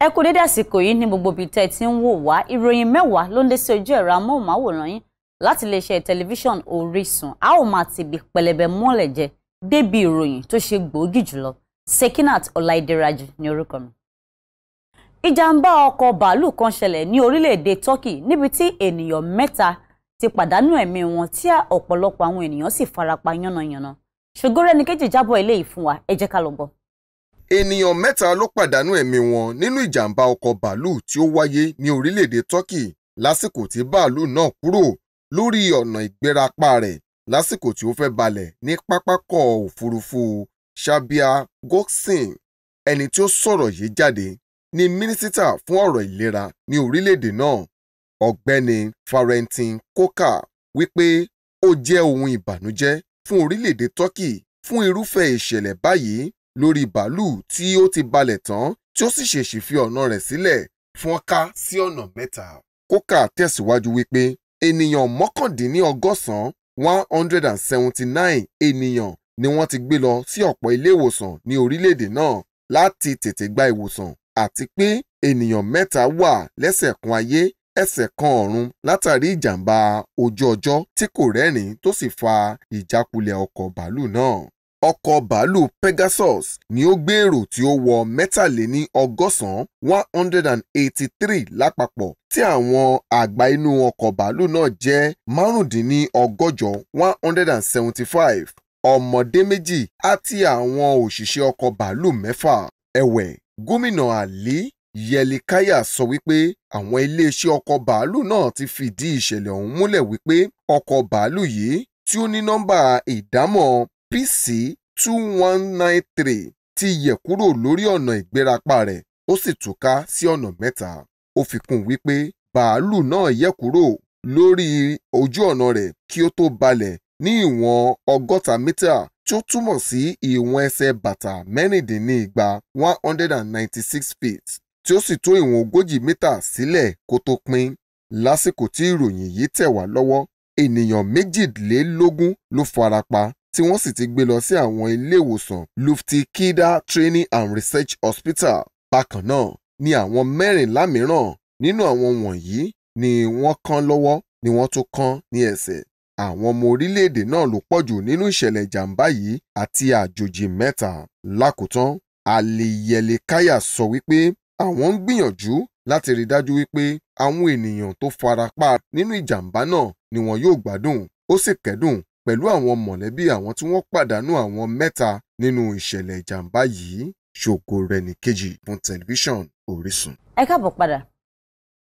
ẹ kú dédé àsìkò yìí ní gbogbo ibi tẹ́ ẹ ti ń wò wá ìròyìn mẹ́wàá ló ń dé sí ojú ẹ̀rọ amóhùnmáwòrán yín láti iléeṣẹ́ tẹlifíṣàn Orísun a ó máa ti ibi pẹlẹbẹ mọ́lẹ̀ jẹ débi ìròyìn tó ṣe gbòógì jùlọ Sekinat Ọláìdẹ́rajì ní orúkọ mi. ìjàmbá ọkọ̀ bàálù kan ṣẹlẹ̀ ní orílẹ̀-èdè Turkey níbi tí ènìyàn mẹ́ta ti pàdánù ẹ̀mí wọn tí ọ̀pọ̀lọpọ̀ àwọn ènìyàn sì farapa yánnayànna ṣùgbọ́n rẹ́ni kejì jábọ̀ eléyìí fún wa ẹ ká lọ gbọ́ ènìyàn mẹ́ta ló pàdánù ẹ̀mí wọn nínú ìjàmbá ọkọ̀ bàálù tí ó wáyé ní orílẹ̀-èdè Turkey lásìkò tí bàálù náà kúrò lórí ọ̀nà ìgbérapá rẹ̀ lásìkò tí ó fẹ́ balẹ̀ ní pápákọ̀ òfurufú Shabia Goksin ẹni tí ó sọ̀rọ̀ yìí jáde ní mínísítà fún ọ̀rọ̀ ìlera ní orílẹ̀-èdè náà ọ̀gbẹ́ni Farentin Koka wípé ó jẹ́ ohun ìbànújẹ́ fún orílẹ̀-èdè Turkey fún irúfẹ́ ìṣẹ̀lẹ̀ báyìí lórí bàálù tí ó ti balẹ̀ tán tí ó sì ṣèṣì fi ọ̀nà rẹ̀ sílẹ̀ fún ká sí ọ̀nà mẹ́ta. kókà tẹ̀síwájú wípé ènìyàn mọ́kàndínlọ́gọ́sàn one hundred and seventy-nine ènìyàn ni wọ́n ti gbé lọ sí ọ̀pọ̀ ilé ìwòsàn ní orílẹ̀-èdè náà láti tètè gba ìwòsàn àti pé ènìyàn mẹ́ta wà lẹ́sẹ̀ kan ayé ẹsẹ̀ kan ọ̀run látàrí ìjàmbá ojú ọjọ́ tí kò rẹ́rìn tó sì fa ìjákulẹ̀ ọkọ̀ bàálù náà ọkọ̀ bàálù Pegasus ni ó gbèrò tí ó wọ mẹ́tàléní ọgọ́sàn-án one hundred and eighty three lápapọ̀ tí àwọn àgbà inú ọkọ̀ bàálù náà jẹ́ márùndínní ọgọ́jọ one hundred and seventy five ọmọdé méjì àti àwọn òṣìṣẹ́ ọkọ̀ bàálù mẹ́fà ẹ̀wẹ̀ gómìnà Àlí Yẹlikaya sọ wípé àwọn iléeṣẹ́ ọkọ̀ bàálù náà ti fìdí ìṣẹ̀lẹ̀ ọ̀hún múlẹ̀ wípé ọkọ̀ bàálù yìí tí ó ní nọ́mbà ìdámọ̀ PC two one nine three ti yẹ̀ kúrò lórí ọ̀nà ìgbérapá rẹ̀ ó sì túká sí ọ̀nà mẹ́ta. ó fi kún un wípé bàálù náà yẹ̀ kúrò lórí ojú ọ̀nà rẹ̀ kí ó tó balẹ̀ ní ìwọ̀n ọgọ́ta mítà tí ó túmọ̀ sí ìwọ̀n ẹsẹ̀ bàtà mẹ́rìndínlẹ́gba one hundred and ninety-six feet tí ó sì tó ìwọ̀n ogójì mítà sílẹ̀ kó tó pín. lásìkò tí ìròyìn yìí tẹ̀ wá lọ́wọ́ ènìyàn méjìlélógún ló farapa tí wọ́n sì ti gbé lọ sí àwọn iléèwòsàn Luftkida Training and Research Hospital. Bákan náà ni àwọn mẹ́rìnlá mìíràn nínú àwọn wọ̀nyí ni wọ́n kán lọ́wọ́ ni wọ́n tún kán ní ẹsẹ̀. Àwọn ọmọ orílẹ̀-èdè náà ló pọ̀jù nínú ìṣẹ̀lẹ̀ ìjàmbá yìí àti àjòjì mẹ́ta. Lákòótán Aliyelekaya sọ wípé àwọn ń gbìyànjú láti rí dájú wípé àwọn ènìyàn tó farapa nínú ìjàmbá náà ni wọn yóò gbádùn ó sì kẹ́dùn pẹ̀lú àwọn mọ̀lẹ́bí àwọn tí wọ́n pàdánù àwọn mẹ́ta nínú ìṣẹ̀lẹ̀ ìjàmbá yìí ṣògo rẹ̀ nìkejì fún tẹlifíṣàn Orísun. ẹ káàbọ̀ padà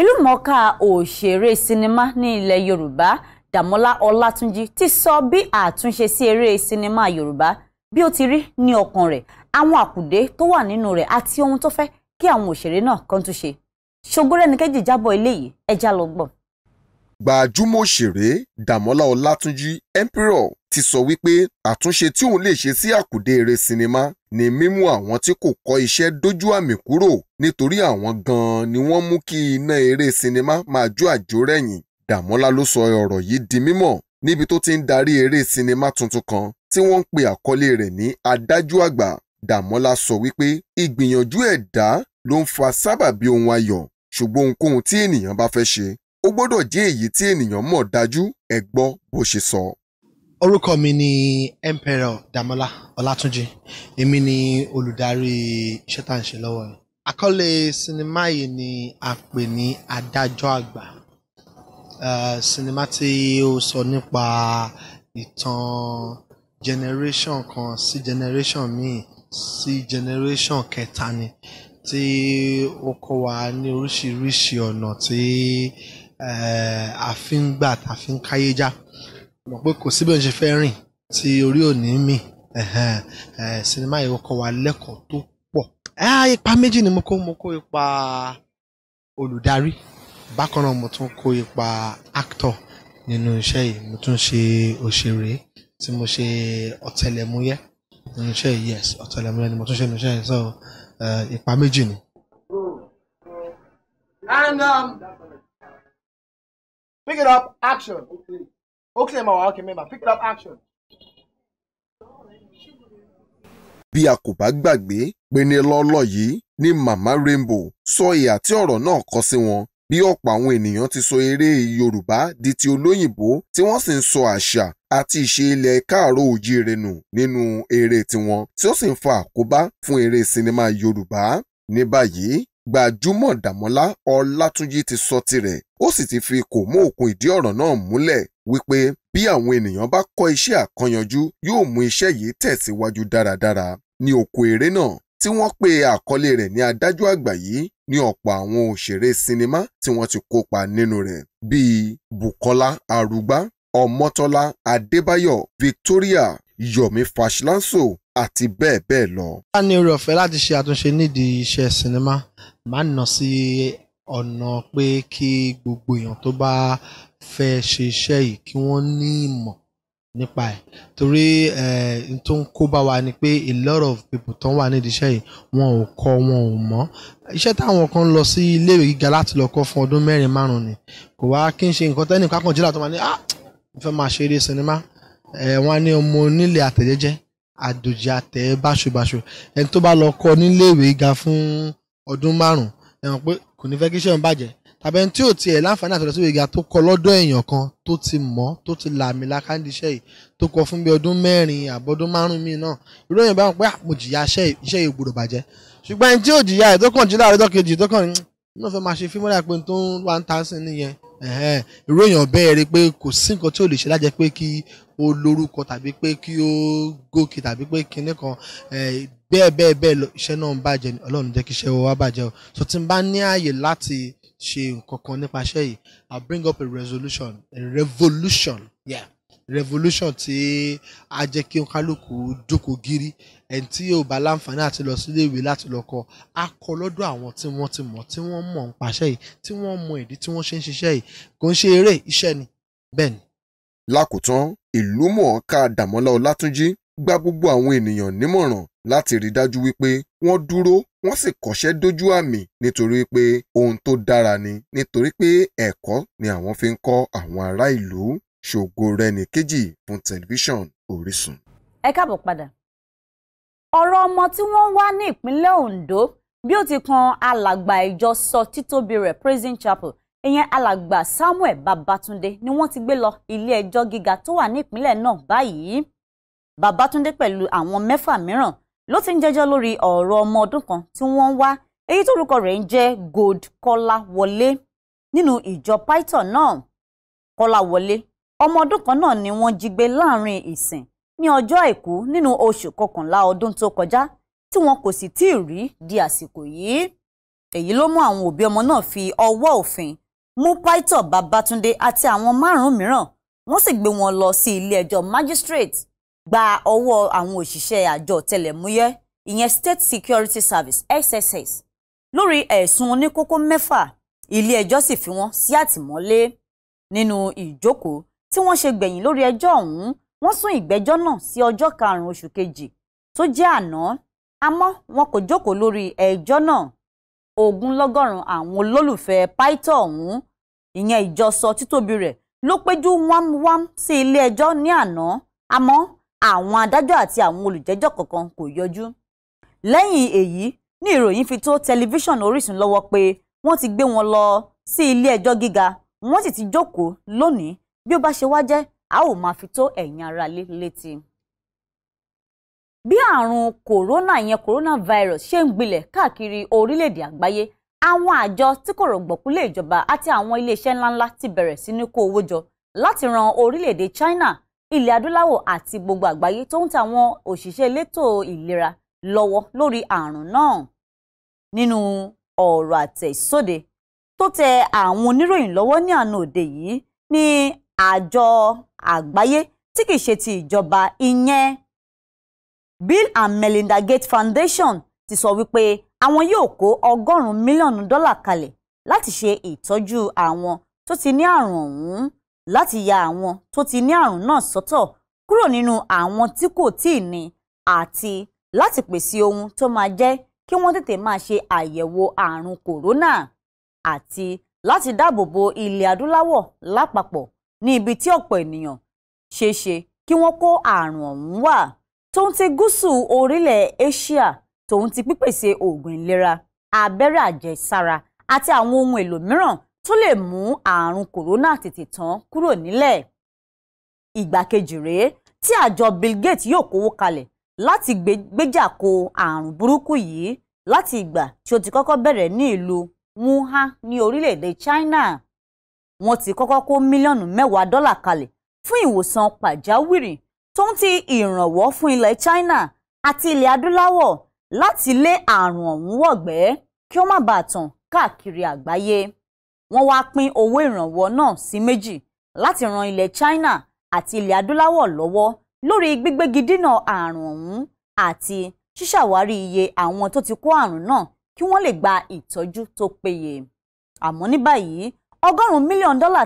ìlúmọ̀ọ́ká òṣèré sinimá ní ilẹ̀ Yorùbá Dàmọ́lá Ọlátúnjí ti sọ bí àtúnṣe sí eré sinimá Yorùbá bí ó ti rí ní ọkàn rẹ̀ àwọn àkùdé tó wà nínú rẹ̀ àti ohun tó fẹ́ kí àwọn òṣèré náà kan tún ṣe ṣògo rẹ̀ nìkejì jábọ̀ ilé yìí ẹ já lọ gbọ́ gbajúmọ̀ òṣèré dàmọ́lá ọlátúnjí emperor ti sọ wípé àtúnṣe tí òun lè ṣe sí àkùdé eré sinimá ni mímú àwọn tí kò kọ́ iṣẹ́ dójú àmì kúrò nítorí àwọn gan-an ni wọ́n mú kí iná eré sinimá máa jó àjò rẹ̀yìn dàmọ́lá ló sọ ọ̀rọ̀ yìí di mímọ̀ níbi tó ti ń darí eré sinimá tuntun kan tí wọ́n ń pe àkọlé rẹ̀ ní adájú àgbà dàmọ́lá sọ wípé ìgbìyànjú ẹ̀dá ló ń fa sábàbí ohun ayọ̀ ṣùgbọ́n ohunkóhun tí ènìyàn bá fẹ́ ṣe ó gbọ́dọ̀ jẹ́ èyí tí ènìyàn mọ̀ dájú ẹ gbọ́ bó ṣe sọ. orúkọ mi ni emperor Damola Ọlátúnjí èmi ni olùdarí iṣẹ́ tá à ń ṣe lọ́wọ́ yìí. àkọlé sinimá yìí ni a pè ní adájọ́ àgbà sinimá tí ó sọ nípa ìtàn generation kan sí generation míì sí generation kẹta ni tí ó kọ́ wa ní oríṣiríṣi ọ̀nà tí. Tí àfin eh, gbà tàfin pé kò síbẹ̀ ń ṣe fẹ́ rìn tí orí ò ní mì eh, sinimá yìí kọ́ wa lẹ́kọ̀ọ́ tó pọ̀ eh, ipa méjì ni mo kó mo kó ipa olùdarí bákan náà mo tún kó ipa actor nínú iṣẹ́ yìí mo tún ṣe òṣèré tí mo ṣe ọ̀tẹlẹ̀múyẹ́ nínú iṣẹ́ yìí yes ọ̀tẹlẹ̀múyẹ́ ni mo tún ṣe nínú iṣẹ́ yìí so ipa méjì ni. and um, Pick it up, action. Oakley ma wà okay mẹ́mbà, pick it up, action. Bí a kò bá gbàgbé pé lọ́lọ́ yìí ni Màmá Rainbow sọ ìhà tí ọ̀rọ̀ náà kọ sí wọn bí ọ̀pọ̀ àwọn ènìyàn ti sọ eré Yorùbá di ti olóyìnbó tí wọ́n sì ń sọ àṣà àti ìṣe ilẹ̀ káàró òjíire nù nínú eré tiwọn tí ó sì ń fa àkóbá fún eré sinimá Yorùbá. Ní báyìí gbajúmọ̀ Dàmọ́lá Ọlátúnjí ti sọ tirẹ̀ ó sì ti fi kò mú òkun ìdí ọ̀rọ̀ náà múlẹ̀ wípé bí àwọn ènìyàn bá kọ́ iṣẹ́ àkànyanjú yóò mú iṣẹ́ yìí tẹ̀síwájú dáradára ní oko eré náà tí wọ́n pe àkọlé rẹ̀ ní adájọ́ àgbà yìí ní ọ̀pọ̀ àwọn òṣèré sinimá tí wọ́n ti kópa nínú rẹ̀ bíi Bukola Arugba Ọmọ́tọ́lá Adébáyọ̀ Victoria Yomi Fashlanso àti bẹ́ẹ̀ bẹ́ẹ̀ lọ. a ní oore ọ̀fẹ́ láti ṣe àtúnṣe nídìí iṣẹ́ sinimá màá nà sí ọ̀nà pé kí gbogbo èèyàn tó bá fẹ́ ṣe iṣẹ́ yìí kí wọ́n ní ìmọ̀ nípa ẹ̀ torí n tó ń kó bá wa ni pé a lot of people tó ń wà nídìí iṣẹ́ yìí wọn ò kọ́ wọn ò mọ̀ iṣẹ́ táwọn kan lọ sí iléèwé gíga láti lọ kọ́ fún ọdún mẹ́rin márùn-ún ni kò wá kí n ṣe nǹkan tẹ́nì kákan jìlá tó máa ní ah mo fẹ́ máa ṣe eré sinimá wọn á ní ọmọ onílé àtẹ̀jẹ́jẹ́ àdòjì àtẹ̀ báṣubàṣu ẹni tó bá lọ kọ́ níléèwé gíga fún ọdún márùn ẹ̀wọ̀n pé kò ní fẹ́ kí iṣẹ́ òun bàjẹ́ tàbí ẹni tí ò tiẹ̀ láǹfààní àti ọ̀dọ̀sí ìgbà tó kọ lọ́dọ̀ èèyàn kan tó ti mọ̀ tó ti làmì lákàndí iṣẹ́ yìí tó kọ fún bí ọdún mẹ́rin àbọ̀dún márùn-ún náà irú èèyàn báwọn pé ah, mo jìyà iṣẹ́ yìí gbọ́dọ̀ bàjẹ́ ṣùgbọ́n ẹni tí ò jìyà ẹ̀ tó kàn jí láàárọ̀ ọjọ́ kejì tó kàn ní wọ́n fẹ́ máa ṣe fímọ́lá pé tó ń wá ń ta sí nìyẹn irú èèyàn bẹ́ẹ̀ rí pé kò sí nǹkan tí ò lè ṣe lájẹ́ pé kí ó lórúkọ tàbí pé kí ó gòkè tàbí pé kinní kan bẹ́ẹ̀ bẹ́ẹ̀ bẹ́ẹ̀ lọ iṣẹ́ náà ń bàjẹ́ ni ọlọ́run jẹ́ kí iṣẹ́ wa bàjẹ́ o so tí n bá ní ààyè láti ṣe nǹkan nípa iṣẹ́ yìí I'll bring up a resolution a revolution yeah revolution tí a jẹ́ kí kálukú jókòó gírí ẹni tí yóò bá láǹfààní àti lọ sílé ìwé láti lọ kọ́ a lọ́dọ̀ àwọn tí wọ́n ti mọ̀ tí wọ́n mọ̀ nípa iṣẹ́ yìí tí wọ́n mọ̀ ìdí tí wọ́n ṣe ń ṣiṣẹ́ yìí kò ń ṣe eré iṣẹ́ ni bẹ́ẹ̀ ni. lákòótán ìlú mọ̀ọ́ká Dàmọ́lá Ọlátúnjí gba gbogbo àwọn ènìyàn nímọ̀ràn láti rí dájú wípé wọ́n dúró wọ́n sì kọ́ṣẹ́ dójú àmì nítorí pé ohun tó dára ni nítorí pé ẹ̀kọ́ ni àwọn fi ń kọ́ àwọn ará ìlú ṣògo rẹni kejì fún tẹlifíṣàn Orísun. ẹ káàbọ̀ padà ọ̀rọ̀ ọmọ tí wọ́n wá ní ìpínlẹ̀ Ondo bí ó ti kan alàgbà ìjọ sọ títóbi rẹ̀ Prison Chapel ìyẹn alàgbà Samuel Babatunde ni wọ́n ti gbé lọ ilé ẹjọ́ gíga tó wà ní ìpínlẹ̀ náà báyìí Babatunde pẹ̀lú àwọn mẹ́fà mìíràn ló ti ń jẹ́jọ́ lórí ọ̀rọ̀ ọmọ ọdún kan tí wọ́n wá èyí tórúkọ rẹ̀ ń jẹ́ Gold Kọ́láwọlé nínú ìjọ Python náà Kọ́láwọlé ọmọ ọdún kan náà ni wọ́n jí gbé láàrin ìsìn ní ọjọ́ àìkú nínú oṣù kọkànlá ọdún tó kọjá tí wọn kò sì tí ì rí di àsìkò yìí èyí ló mú àwọn òbí ọmọ náà fi ọwọ́ òfin mú Python Babátúndé àti àwọn márùn mìíràn wọ́n sì gbé wọn lọ sí ilé ẹjọ́ magistrate gba ọwọ́ àwọn òṣìṣẹ́ àjọ ọ̀tẹlẹ̀múyẹ́ ìyẹn State Security Service SSS lórí ẹ̀sùn oníkókó mẹ́fà ilé ẹjọ́ sì fi wọ́n sí àtìmọ́lé nínú ìjókòó tí wọ́n ṣe gbẹ̀yìn lórí ẹjọ́ ọ̀hún wọ́n sún ìgbẹ́jọ́ náà sí ọjọ́ karùn-ún oṣù kejì tó jẹ́ àná àmọ́ wọn kò jókòó lórí ẹjọ́ náà ogunlọ́gọ́rùn àwọn olólùfẹ́ pító ọ̀hún ìyẹn ìjọsọ títóbi rẹ̀ ló péjú wámúwám sí ilé ẹjọ́ ní àná àmọ́ àwọn adájọ́ àti àwọn olùjẹ́jọ́ kọ̀ọ̀kan kò yọjú lẹ́yìn èyí ní ìròyìn fi tó tẹlifíṣàn Orísun lọ́wọ́ pé wọ́n ti gbé wọn lọ sí ilé ẹjọ́ gíga wọ́n sì ti jókòó lónìí bí ó bá ṣe wá jẹ́ a ó máa fi tó ẹ̀yin ara lé létí. bí àrùn kòrónà yẹn coronavirus ṣe ń gbilẹ̀ káàkiri orílẹ̀-èdè àgbáyé àwọn àjọ tí kò rọ̀gbọ̀kú lé ìjọba àti àwọn iléeṣẹ́ ńláńlá ti bẹ̀rẹ̀ sí ní kó owó jọ láti ran orílẹ̀-èdè China ilẹ̀ adúláwọ̀ àti gbogbo àgbáyé tó ń ta àwọn òṣìṣẹ́ elétò ìlera lọ́wọ́ lórí àrùn náà nínú ọ̀rọ̀ àtẹ̀sóde tó tẹ àwọn oníròyìn lọ́wọ́ ní àná òde yìí ní àjọ àgbáyé tí kìí ṣe ti ìjọba ìyẹn Bill and Melinda Gates Foundation ti sọ wípé àwọn yóò kó ọgọ́rùn-ún mílíọ̀nù dọ́là kalẹ̀ láti ṣe ìtọ́jú àwọn tó ti ní àrùn ọ̀hún láti ya àwọn tó ti ní àrùn náà sọ́tọ̀ kúrò nínú àwọn tí kò tíì ní àti láti pèsè ohun tó máa jẹ́ kí wọ́n tètè máa ṣe àyẹ̀wò àrùn kòrónà àti láti dáàbò bo ilẹ̀ adúláwọ̀ lápapọ̀ ní ibi tí ọ̀pọ̀ ènìyàn ṣeéṣe kí wọ́n kó àrùn ọ̀hún wà tòun ti gúúsù orílẹ̀ Asia tòun ti pípèsè oògùn ìlera abẹ́rẹ́ àjẹsára àti àwọn ohun èlò mìíràn tó lè mú ààrùn kòrónà tètè tán kúrò nílẹ̀. ìgbà kejì rèé tí àjọ Bill Gates yóò kówó kalẹ̀ láti gbéjà ko ààrùn burúkú yìí láti ìgbà tí ó ti kọ́kọ́ bẹ̀rẹ̀ ní ìlú Wuhan ní orílẹ̀-èdè China. wọ́n ti kọ́kọ́ kó mílíọ̀nù mẹ́wàá dọ́là kalẹ̀ fún ìwòsàn pàjáwìrì tó ń ti ìrànwọ́ fún ilẹ̀ China àti ilẹ̀ adúláwọ̀ láti lé ààrùn ọ̀hún wọ̀gbẹ́ kí ó má bàa tàn káàkiri àgbáyé wọ́n wá pín owó ìrànwọ́ náà sí méjì láti ran ilẹ̀ China àti ilẹ̀ adúláwọ̀ lọ́wọ́ lórí gbígbégi dínà àrùn ọ̀hún àti ṣíṣàwárí iye àwọn tó ti kó àrùn náà kí wọ́n lè gba ìtọ́jú tó péye àmọ́ ní báyìí ọgọ́rùn-ún mílíọ̀n dọ́là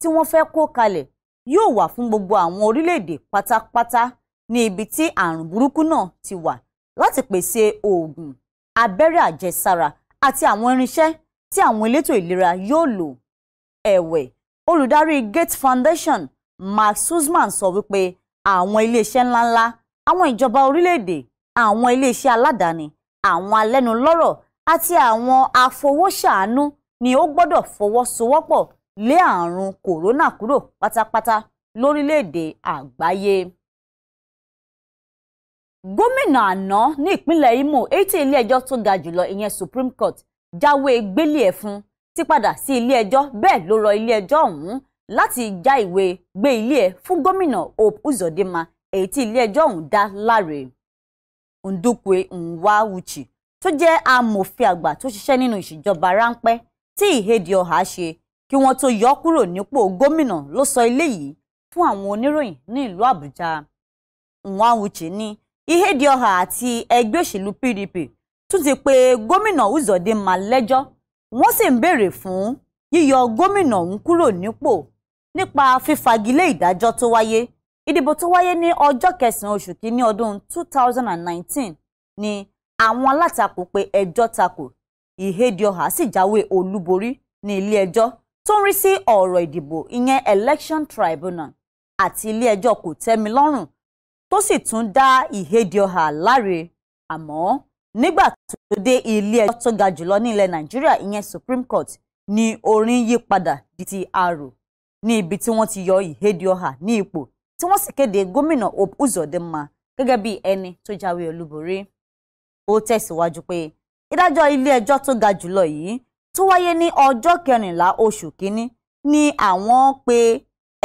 tí wọ́n fẹ́ kó kalẹ̀ yóò wà fún gbogbo àwọn orílẹ̀-èdè pátápátá ní ibi tí àrùn burúkú náà ti wà láti pèsè oògùn abẹ́rẹ́ àjẹsára àti àwọn irinṣẹ́ tí àwọn elétò ìlera yóò lò ẹ̀wẹ̀ olùdarí Gates Foundation Mark Susman sọ wípé àwọn iléeṣẹ́ ńláńlá àwọn ìjọba orílẹ̀-èdè àwọn iléeṣẹ́ aládàáni àwọn alẹ́nulọ́rọ̀ àti àwọn afowóṣàánú ni ó gbọ́dọ̀ fọwọ́sowọ́pọ̀ lé àrùn kòrónà kúrò pátápátá lórílẹ̀-èdè àgbáyé. gómìnà àná ní ìpínlẹ̀ Imo èyí tí ilé ẹjọ́ tó ga jùlọ ìyẹn Supreme Court jáwé gbélé ẹ̀ fún ti padà sí ilé ẹjọ́ bẹ́ẹ̀ ló rọ ilé ẹjọ́ ọ̀hún láti já ìwé gbé ilé ẹ̀ fún gómìnà Hope Uzodinma èyí tí ilé ẹjọ́ ọ̀hún dá láre Ndukwe Nwauchi tó jẹ́ amòfin àgbà tó ṣiṣẹ́ nínú ìṣèjọba ráńpẹ́ tí Ihede Ọ̀hà ṣe kí wọ́n tó yọ kúrò nípò gómìnà ló sọ eléyìí fún àwọn oníròyìn ní ìlú Àbújá Nwauchi ní Ihede Ọ̀hà àti ẹgbẹ́ òṣèlú PDP tún ti pe gómìnà Uzodinma lẹ́jọ́ wọ́n sì ń béèrè fún yíyọ gómìnà ọ̀hún kúrò nípò nípa fífagilé ìdájọ́ tó wáyé ìdìbò tó wáyé ní ọjọ́ kẹsàn oṣù kínní ọdún 2019 ni àwọn alátakò pé ẹjọ́ takò Ihedioha sì jáwé olúborí ní ilé ẹjọ́ tó ń rí sí ọ̀rọ̀ ìdìbò ìyẹn election tribunal àti ilé ẹjọ́ kò tẹ́mi lọ́rùn tó sì tún dá Ihedioha láre àmọ́ nígbà tó dé ilé ẹjọ́ tó ga jùlọ ní nàìjíríà ìyẹn supreme court ni orin yí padà di ti arò ní ibi tí wọ́n ti yọ Ihedioha ní ipò tí wọ́n sì kéde gómìnà Hope Uzodinma gẹ́gẹ́ bí ẹni tó jáwé olúborí ó tẹ̀síwájú pé ìdájọ́ ilé ẹjọ́ tó ga jùlọ yìí tó wáyé ní ọjọ́ kẹrìnlá oṣù kínní ni àwọn pè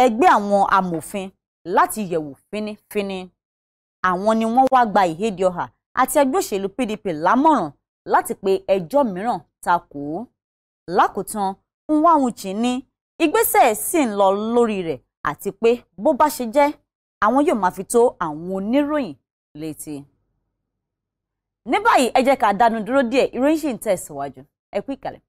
ẹgbẹ́ àwọn amòfin láti yẹ̀wò fínífíní àwọn ni wọ́n wá gba Ihedioha àti ẹgbẹ́ òṣèlú PDP lámọ̀ràn láti pe ẹjọ́ mìíràn ta kò ó. lákòótán Nwanwuchi ní ìgbésẹ̀ sì ń lọ lórí rẹ̀ àti pé bó bá ṣe jẹ́ àwọn yóò máa fi tó àwọn oníròyìn létí. ní báyìí ẹ jẹ́ ká dánu dúró díẹ̀ ìròyìn ṣì ń tẹ̀síwájú ẹ kú ìkàlẹ̀.